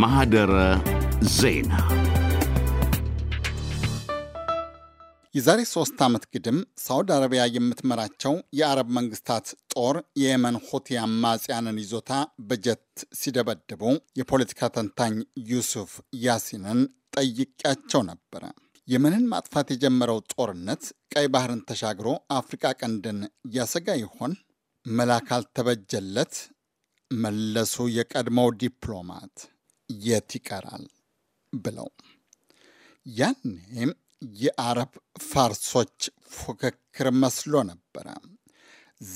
ማህደረ ዜና የዛሬ ሶስት ዓመት ግድም ሳውዲ አረቢያ የምትመራቸው የአረብ መንግስታት ጦር የየመን ሁቲ አማጽያንን ይዞታ በጀት ሲደበድቡ የፖለቲካ ተንታኝ ዩሱፍ ያሲንን ጠይቄያቸው ነበረ። የመንን ማጥፋት የጀመረው ጦርነት ቀይ ባህርን ተሻግሮ አፍሪቃ ቀንድን ያሰጋ ይሆን? መላ ካልተበጀለት መለሱ የቀድሞው ዲፕሎማት። የት ይቀራል ብለው ያኔም የአረብ ፋርሶች ፉክክር መስሎ ነበረ።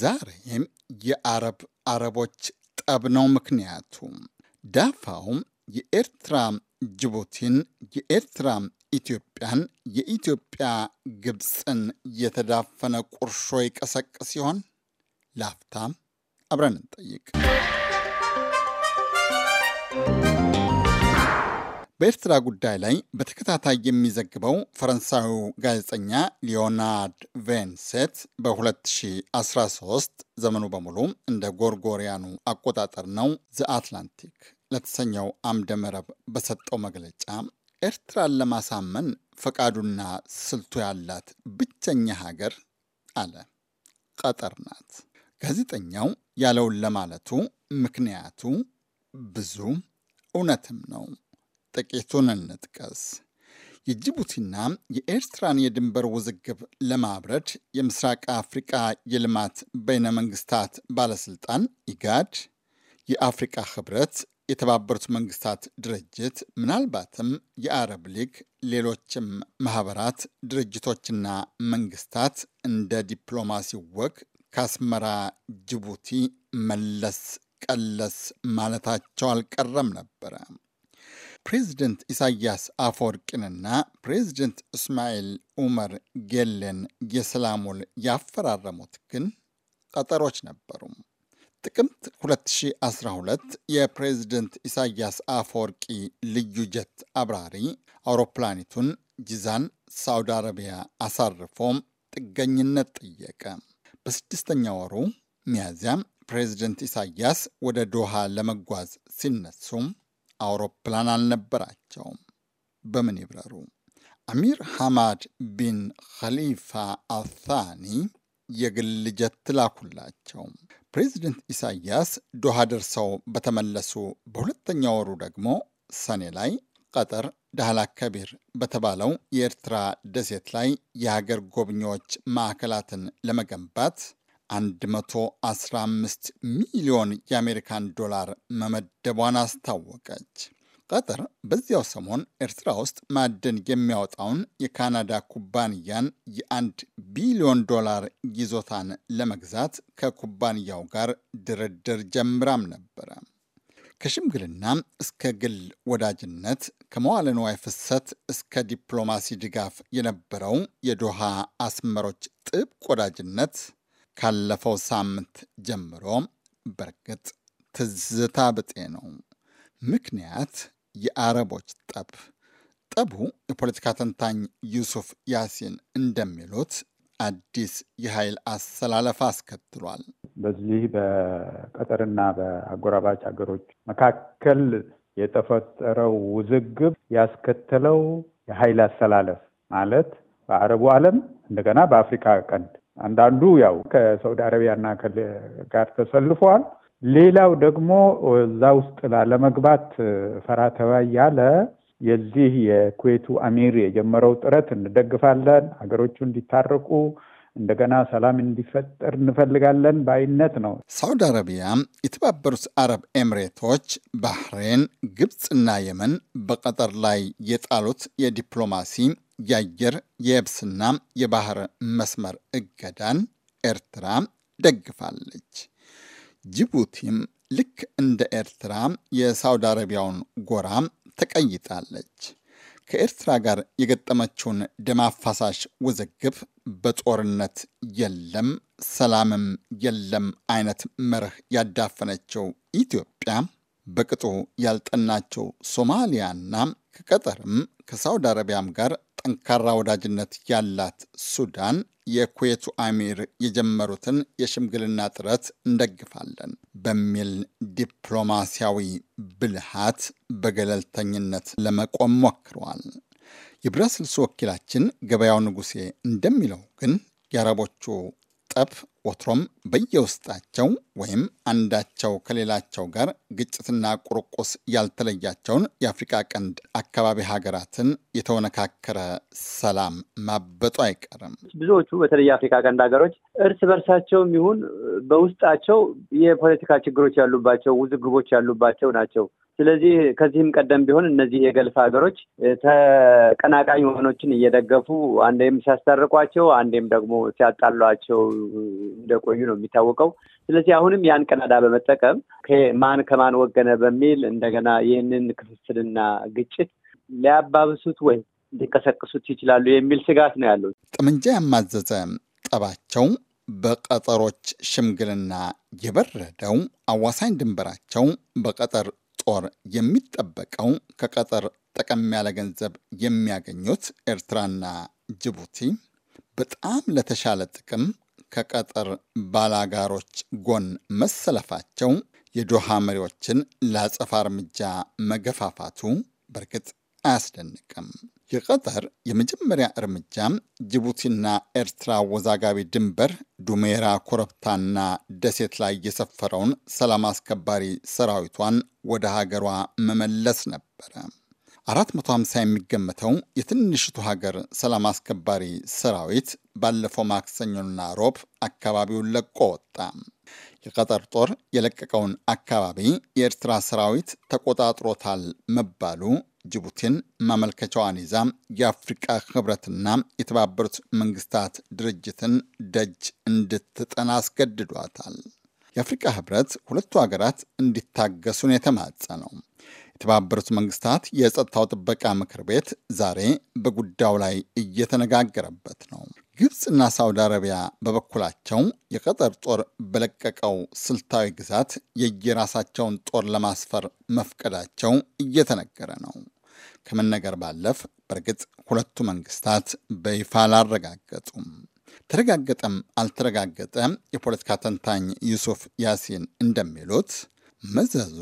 ዛሬም የአረብ አረቦች ጠብ ነው ምክንያቱ። ዳፋውም የኤርትራ ጅቡቲን፣ የኤርትራ ኢትዮጵያን፣ የኢትዮጵያ ግብፅን የተዳፈነ ቁርሾ ይቀሰቅስ ሲሆን ላፍታም አብረን እንጠይቅ። በኤርትራ ጉዳይ ላይ በተከታታይ የሚዘግበው ፈረንሳዩ ጋዜጠኛ ሊዮናርድ ቬንሴት በ2013 ዘመኑ በሙሉ እንደ ጎርጎሪያኑ አቆጣጠር ነው፣ ዘ አትላንቲክ ለተሰኘው አምደ መረብ በሰጠው መግለጫ ኤርትራን ለማሳመን ፈቃዱና ስልቱ ያላት ብቸኛ ሀገር አለ ቀጠር ናት። ጋዜጠኛው ያለውን ለማለቱ ምክንያቱ ብዙ እውነትም ነው። ጥቂቱን እንጥቀስ። የጅቡቲና የኤርትራን የድንበር ውዝግብ ለማብረድ የምስራቅ አፍሪቃ የልማት በይነ መንግስታት ባለስልጣን ኢጋድ፣ የአፍሪቃ ህብረት፣ የተባበሩት መንግስታት ድርጅት፣ ምናልባትም የአረብ ሊግ፣ ሌሎችም ማህበራት፣ ድርጅቶችና መንግስታት እንደ ዲፕሎማሲ ወግ ከአስመራ ጅቡቲ መለስ ቀለስ ማለታቸው አልቀረም ነበረ። ፕሬዚደንት ኢሳያስ አፈወርቅንና ፕሬዚደንት እስማኤል ኡመር ጌሌን የሰላሙል ያፈራረሙት ግን ቀጠሮች ነበሩ። ጥቅምት 2012 የፕሬዚደንት ኢሳያስ አፈወርቂ ልዩ ጀት አብራሪ አውሮፕላኒቱን ጂዛን ሳውዲ አረቢያ አሳርፎ ጥገኝነት ጠየቀ። በስድስተኛ ወሩ ሚያዚያም ፕሬዚደንት ኢሳያስ ወደ ዶሃ ለመጓዝ ሲነሱም አውሮፕላን አልነበራቸውም። በምን ይብረሩ? አሚር ሐማድ ቢን ኸሊፋ አልታኒ የግል ጀት ላኩላቸው። ፕሬዚደንት ኢሳያስ ዶሃ ደርሰው በተመለሱ በሁለተኛ ወሩ ደግሞ ሰኔ ላይ ቀጠር ዳህላ ከቢር በተባለው የኤርትራ ደሴት ላይ የሀገር ጎብኚዎች ማዕከላትን ለመገንባት 115 ሚሊዮን የአሜሪካን ዶላር መመደቧን አስታወቀች። ቀጠር በዚያው ሰሞን ኤርትራ ውስጥ ማዕድን የሚያወጣውን የካናዳ ኩባንያን የአንድ ቢሊዮን ዶላር ይዞታን ለመግዛት ከኩባንያው ጋር ድርድር ጀምራም ነበረ። ከሽምግልና እስከ ግል ወዳጅነት ከመዋለ ንዋይ ፍሰት እስከ ዲፕሎማሲ ድጋፍ የነበረው የዶሃ አስመሮች ጥብቅ ወዳጅነት ካለፈው ሳምንት ጀምሮ በርግጥ ትዝታ ብጤ ነው። ምክንያት የአረቦች ጠብ። ጠቡ የፖለቲካ ተንታኝ ዩሱፍ ያሲን እንደሚሉት አዲስ የኃይል አሰላለፍ አስከትሏል። በዚህ በቀጠርና በአጎራባች ሀገሮች መካከል የተፈጠረው ውዝግብ ያስከተለው የኃይል አሰላለፍ ማለት በአረቡ ዓለም እንደገና በአፍሪካ ቀንድ አንዳንዱ ያው ከሳውዲ አረቢያና ጋር ተሰልፏል። ሌላው ደግሞ እዛ ውስጥ ላለመግባት ፈራ ተባ ያለ የዚህ የኩዌቱ አሚር የጀመረው ጥረት እንደግፋለን፣ ሀገሮቹ እንዲታረቁ እንደገና ሰላም እንዲፈጠር እንፈልጋለን በአይነት ነው። ሳውዲ አረቢያ፣ የተባበሩት አረብ ኤምሬቶች፣ ባህሬን፣ ግብፅና የመን በቀጠር ላይ የጣሉት የዲፕሎማሲ የአየር የየብስና የባህር መስመር እገዳን ኤርትራ ደግፋለች። ጅቡቲም ልክ እንደ ኤርትራ የሳውዲ አረቢያውን ጎራ ተቀይጣለች። ከኤርትራ ጋር የገጠመችውን ደም አፋሳሽ ውዝግብ በጦርነት የለም ሰላምም የለም አይነት መርህ ያዳፈነችው ኢትዮጵያ በቅጡ ያልጠናቸው ሶማሊያና ከቀጠርም ከሳውዲ አረቢያም ጋር ጠንካራ ወዳጅነት ያላት ሱዳን የኩዌቱ አሚር የጀመሩትን የሽምግልና ጥረት እንደግፋለን በሚል ዲፕሎማሲያዊ ብልሃት በገለልተኝነት ለመቆም ሞክረዋል። የብራስልስ ወኪላችን ገበያው ንጉሴ እንደሚለው ግን የአረቦቹ ጠብ ወትሮም በየውስጣቸው ወይም አንዳቸው ከሌላቸው ጋር ግጭትና ቁርቁስ ያልተለያቸውን የአፍሪቃ ቀንድ አካባቢ ሀገራትን የተወነካከረ ሰላም ማበጡ አይቀርም። ብዙዎቹ በተለይ የአፍሪካ ቀንድ ሀገሮች እርስ በርሳቸውም ይሁን በውስጣቸው የፖለቲካ ችግሮች ያሉባቸው፣ ውዝግቦች ያሉባቸው ናቸው። ስለዚህ ከዚህም ቀደም ቢሆን እነዚህ የገልፍ ሀገሮች ተቀናቃኝ ወገኖችን እየደገፉ አንዴም ሲያስታርቋቸው፣ አንዴም ደግሞ ሲያጣሏቸው እንደቆዩ ነው ነው የሚታወቀው። ስለዚህ አሁንም ያን ቀዳዳ በመጠቀም ማን ከማን ወገነ በሚል እንደገና ይህንን ክፍፍልና ግጭት ሊያባብሱት ወይ ሊቀሰቅሱት ይችላሉ የሚል ስጋት ነው ያለው። ጠመንጃ ያማዘዘ ጠባቸው በቀጠሮች ሽምግልና የበረደው አዋሳኝ ድንበራቸው በቀጠር ጦር የሚጠበቀው ከቀጠር ጠቀም ያለ ገንዘብ የሚያገኙት ኤርትራና ጅቡቲ በጣም ለተሻለ ጥቅም ከቀጠር ባላጋሮች ጎን መሰለፋቸው የዶሃ መሪዎችን ለአጸፋ እርምጃ መገፋፋቱ በእርግጥ አያስደንቅም። የቀጠር የመጀመሪያ እርምጃ ጅቡቲና ኤርትራ አወዛጋቢ ድንበር ዱሜራ ኮረብታና ደሴት ላይ የሰፈረውን ሰላም አስከባሪ ሰራዊቷን ወደ ሀገሯ መመለስ ነበረ። 450 የሚገመተው የትንሽቱ ሀገር ሰላም አስከባሪ ሰራዊት ባለፈው ማክሰኞና ሮብ አካባቢውን ለቆ ወጣ። የቀጠር ጦር የለቀቀውን አካባቢ የኤርትራ ሰራዊት ተቆጣጥሮታል መባሉ ጅቡቲን ማመልከቻዋን ይዛ የአፍሪቃ ህብረትና የተባበሩት መንግስታት ድርጅትን ደጅ እንድትጠና አስገድዷታል። የአፍሪቃ ህብረት ሁለቱ ሀገራት እንዲታገሱን የተማጸ ነው። የተባበሩት መንግስታት የጸጥታው ጥበቃ ምክር ቤት ዛሬ በጉዳዩ ላይ እየተነጋገረበት ነው። ግብፅና ሳውዲ አረቢያ በበኩላቸው የቀጠር ጦር በለቀቀው ስልታዊ ግዛት የየራሳቸውን ጦር ለማስፈር መፍቀዳቸው እየተነገረ ነው። ከመነገር ባለፍ በእርግጥ ሁለቱ መንግስታት በይፋ አላረጋገጡም። ተረጋገጠም አልተረጋገጠ የፖለቲካ ተንታኝ ዩሱፍ ያሲን እንደሚሉት መዘዙ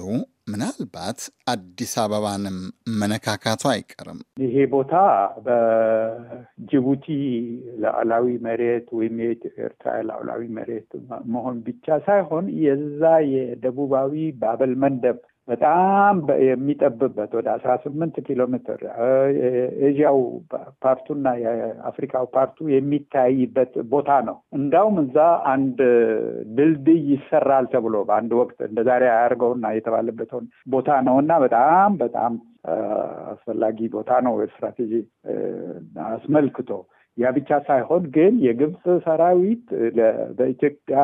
ምናልባት አዲስ አበባንም መነካካቱ አይቀርም። ይሄ ቦታ በጅቡቲ ሉዓላዊ መሬት ወይም የኤርትራ ሉዓላዊ መሬት መሆን ብቻ ሳይሆን የዛ የደቡባዊ ባበል መንደብ በጣም የሚጠብበት ወደ አስራ ስምንት ኪሎ ሜትር ኤዥያው ፓርቱና የአፍሪካው ፓርቱ የሚታይበት ቦታ ነው። እንዳውም እዛ አንድ ድልድይ ይሰራል ተብሎ በአንድ ወቅት ዛሬ አያርገውና የተባለበትን ቦታ ነው እና በጣም በጣም አስፈላጊ ቦታ ነው ስትራቴጂ አስመልክቶ ያ ብቻ ሳይሆን ግን የግብፅ ሰራዊት በኢትዮጵያ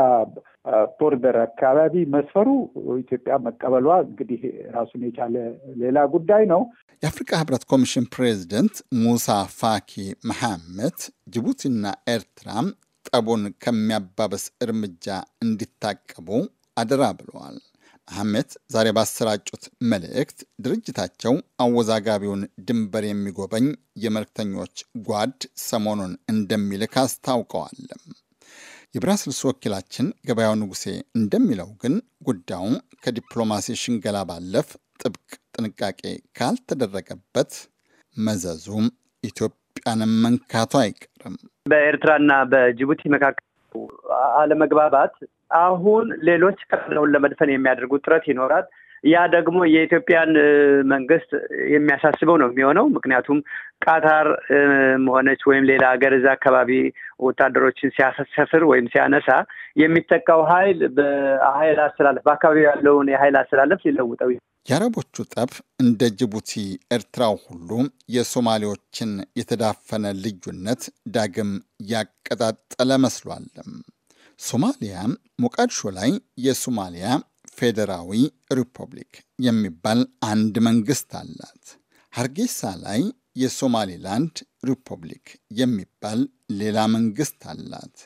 ቦርደር አካባቢ መስፈሩ ኢትዮጵያ መቀበሏ እንግዲህ ራሱን የቻለ ሌላ ጉዳይ ነው። የአፍሪካ ህብረት ኮሚሽን ፕሬዚደንት ሙሳ ፋኪ መሐመት ጅቡቲና ኤርትራ ጠቡን ከሚያባበስ እርምጃ እንዲታቀቡ አደራ ብለዋል። መሐመት ዛሬ ባሰራጩት መልእክት ድርጅታቸው አወዛጋቢውን ድንበር የሚጎበኝ የመልክተኞች ጓድ ሰሞኑን እንደሚልክ አስታውቀዋለም። የብራስልስ ወኪላችን ገበያው ንጉሴ እንደሚለው ግን ጉዳዩ ከዲፕሎማሲ ሽንገላ ባለፍ ጥብቅ ጥንቃቄ ካልተደረገበት መዘዙም ኢትዮጵያንም መንካቱ አይቀርም። በኤርትራና በጅቡቲ መካከል አለመግባባት አሁን ሌሎች ከፍለውን ለመድፈን የሚያደርጉት ጥረት ይኖራል። ያ ደግሞ የኢትዮጵያን መንግስት የሚያሳስበው ነው የሚሆነው። ምክንያቱም ቃታር መሆነች ወይም ሌላ ሀገር እዛ አካባቢ ወታደሮችን ሲያሰፍር ወይም ሲያነሳ የሚጠቃው ሀይል በሀይል አስተላለፍ በአካባቢ ያለውን የሀይል አስተላለፍ ሊለውጠው የአረቦቹ ጠብ እንደ ጅቡቲ፣ ኤርትራው ሁሉ የሶማሌዎችን የተዳፈነ ልዩነት ዳግም ያቀጣጠለ መስሏለም። ሶማሊያ ሞቃዲሾ ላይ የሶማሊያ ፌዴራዊ ሪፐብሊክ የሚባል አንድ መንግስት አላት። ሀርጌሳ ላይ የሶማሌላንድ ሪፐብሊክ የሚባል ሌላ መንግስት አላት።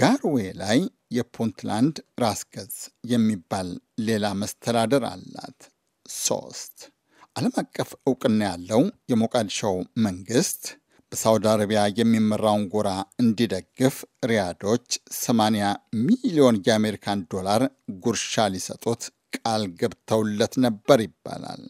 ጋርዌ ላይ የፑንትላንድ ራስ ገዝ የሚባል ሌላ መስተዳደር አላት። ሶስት ዓለም አቀፍ እውቅና ያለው የሞቃዲሾው መንግስት በሳውዲ አረቢያ የሚመራውን ጎራ እንዲደግፍ ሪያዶች 80 ሚሊዮን የአሜሪካን ዶላር ጉርሻ ሊሰጡት ቃል ገብተውለት ነበር ይባላል።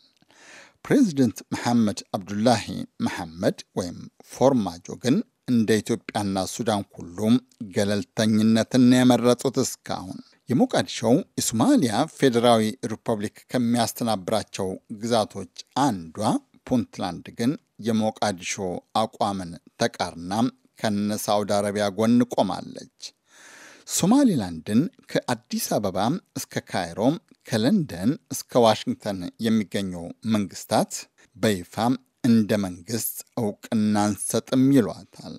ፕሬዚደንት መሐመድ አብዱላሂ መሐመድ ወይም ፎርማጆ ግን እንደ ኢትዮጵያና ሱዳን ሁሉም ገለልተኝነትን የመረጡት እስካሁን የሞቃዲሾው የሶማሊያ ፌዴራዊ ሪፐብሊክ ከሚያስተናብራቸው ግዛቶች አንዷ ፑንትላንድ ግን የሞቃዲሾ አቋምን ተቃርና ከነ ሳውዲ አረቢያ ጎን ቆማለች። ሶማሊላንድን ከአዲስ አበባ እስከ ካይሮ፣ ከለንደን እስከ ዋሽንግተን የሚገኙ መንግስታት በይፋ እንደ መንግስት እውቅና አንሰጥም ይሏታል።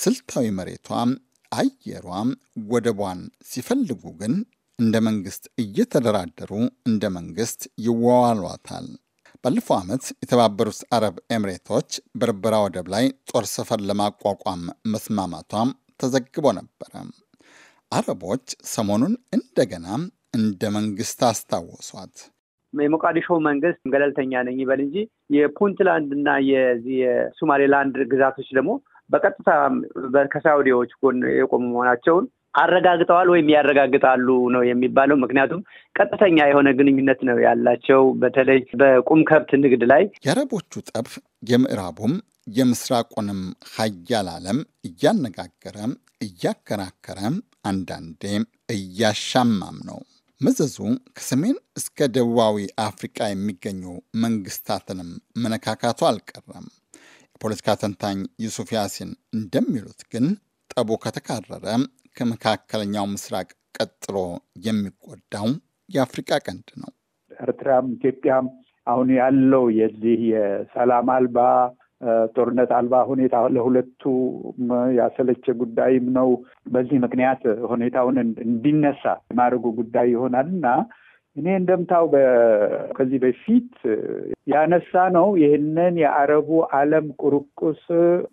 ስልታዊ መሬቷ፣ አየሯ፣ ወደቧን ሲፈልጉ ግን እንደ መንግስት እየተደራደሩ እንደ መንግስት ይዋዋሏታል። ባለፈው ዓመት የተባበሩት አረብ ኤምሬቶች በርበራ ወደብ ላይ ጦር ሰፈር ለማቋቋም መስማማቷም ተዘግቦ ነበረ። አረቦች ሰሞኑን እንደገና እንደ መንግስት አስታወሷት። የሞቃዲሾ መንግስት ገለልተኛ ነኝ ይበል እንጂ የፑንትላንድ እና የሶማሌላንድ ግዛቶች ደግሞ በቀጥታ ከሳውዲዎች ጎን የቆሙ መሆናቸውን አረጋግጠዋል ወይም ያረጋግጣሉ ነው የሚባለው። ምክንያቱም ቀጥተኛ የሆነ ግንኙነት ነው ያላቸው በተለይ በቁም ከብት ንግድ ላይ። የአረቦቹ ጠብ የምዕራቡም የምስራቁንም ሀያል ዓለም እያነጋገረ እያከራከረ አንዳንዴ እያሻማም ነው። መዘዙ ከሰሜን እስከ ደቡባዊ አፍሪቃ የሚገኙ መንግስታትንም መነካካቱ አልቀረም። የፖለቲካ ተንታኝ ዩሱፍ ያሲን እንደሚሉት ግን ጠቡ ከተካረረ ከመካከለኛው ምስራቅ ቀጥሎ የሚጎዳው የአፍሪቃ ቀንድ ነው። ኤርትራም ኢትዮጵያም አሁን ያለው የዚህ የሰላም አልባ ጦርነት አልባ ሁኔታ ለሁለቱም ያሰለቸ ጉዳይም ነው። በዚህ ምክንያት ሁኔታውን እንዲነሳ የማድረጉ ጉዳይ ይሆናል እና እኔ እንደምታው ከዚህ በፊት ያነሳ ነው ይህንን የአረቡ ዓለም ቁርቁስ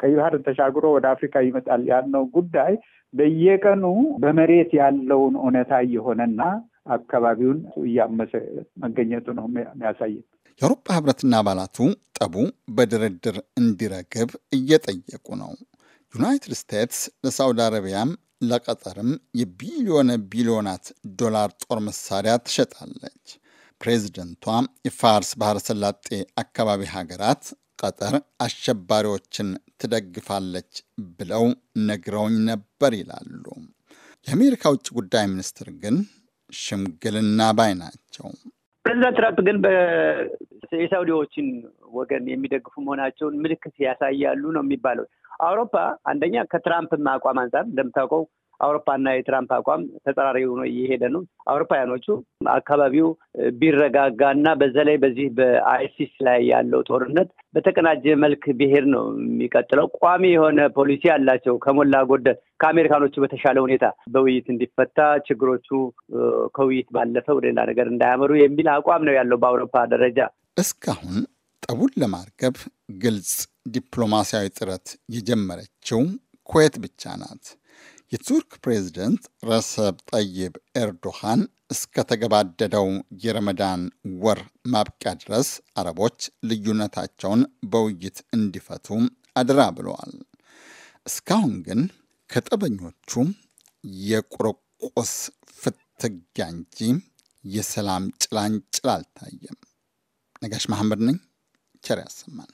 ቀይ ባህርን ተሻግሮ ወደ አፍሪካ ይመጣል ያልነው ጉዳይ በየቀኑ በመሬት ያለውን እውነታ እየሆነና አካባቢውን እያመሰ መገኘቱ ነው የሚያሳየን። የአውሮፓ ህብረትና አባላቱ ጠቡ በድርድር እንዲረግብ እየጠየቁ ነው። ዩናይትድ ስቴትስ ለሳውዲ አረቢያም ለቀጠርም የቢሊዮነ ቢሊዮናት ዶላር ጦር መሳሪያ ትሸጣለች። ፕሬዚደንቷ የፋርስ ባህረ ሰላጤ አካባቢ ሀገራት ቀጠር አሸባሪዎችን ትደግፋለች ብለው ነግረውኝ ነበር ይላሉ። የአሜሪካ ውጭ ጉዳይ ሚኒስትር ግን ሽምግልና ባይ ናቸው። ፕሬዚዳንት ትራምፕ ግን የሳውዲዎችን ወገን የሚደግፉ መሆናቸውን ምልክት ያሳያሉ ነው የሚባለው። አውሮፓ አንደኛ ከትራምፕም አቋም አንጻር እንደምታውቀው አውሮፓና የትራምፕ አቋም ተጸራሪ ሆኖ እየሄደ ነው። አውሮፓውያኖቹ አካባቢው ቢረጋጋ እና በዛ ላይ በዚህ በአይሲስ ላይ ያለው ጦርነት በተቀናጀ መልክ ብሄር ነው የሚቀጥለው። ቋሚ የሆነ ፖሊሲ አላቸው ከሞላ ጎደል ከአሜሪካኖቹ በተሻለ ሁኔታ በውይይት እንዲፈታ ችግሮቹ ከውይይት ባለፈ ወደ ሌላ ነገር እንዳያመሩ የሚል አቋም ነው ያለው በአውሮፓ ደረጃ እስካሁን ጠቡን ለማርገብ ግልጽ ዲፕሎማሲያዊ ጥረት የጀመረችው ኩዌት ብቻ ናት። የቱርክ ፕሬዝደንት ረሰብ ጠይብ ኤርዶሃን እስከተገባደደው የረመዳን ወር ማብቂያ ድረስ አረቦች ልዩነታቸውን በውይይት እንዲፈቱ አደራ ብለዋል። እስካሁን ግን ከጠበኞቹ የቁርቁስ ፍትጊያ እንጂ የሰላም ጭላንጭል አልታየም። ነጋሽ መሐመድ ነኝ። ቸር ያሰማን።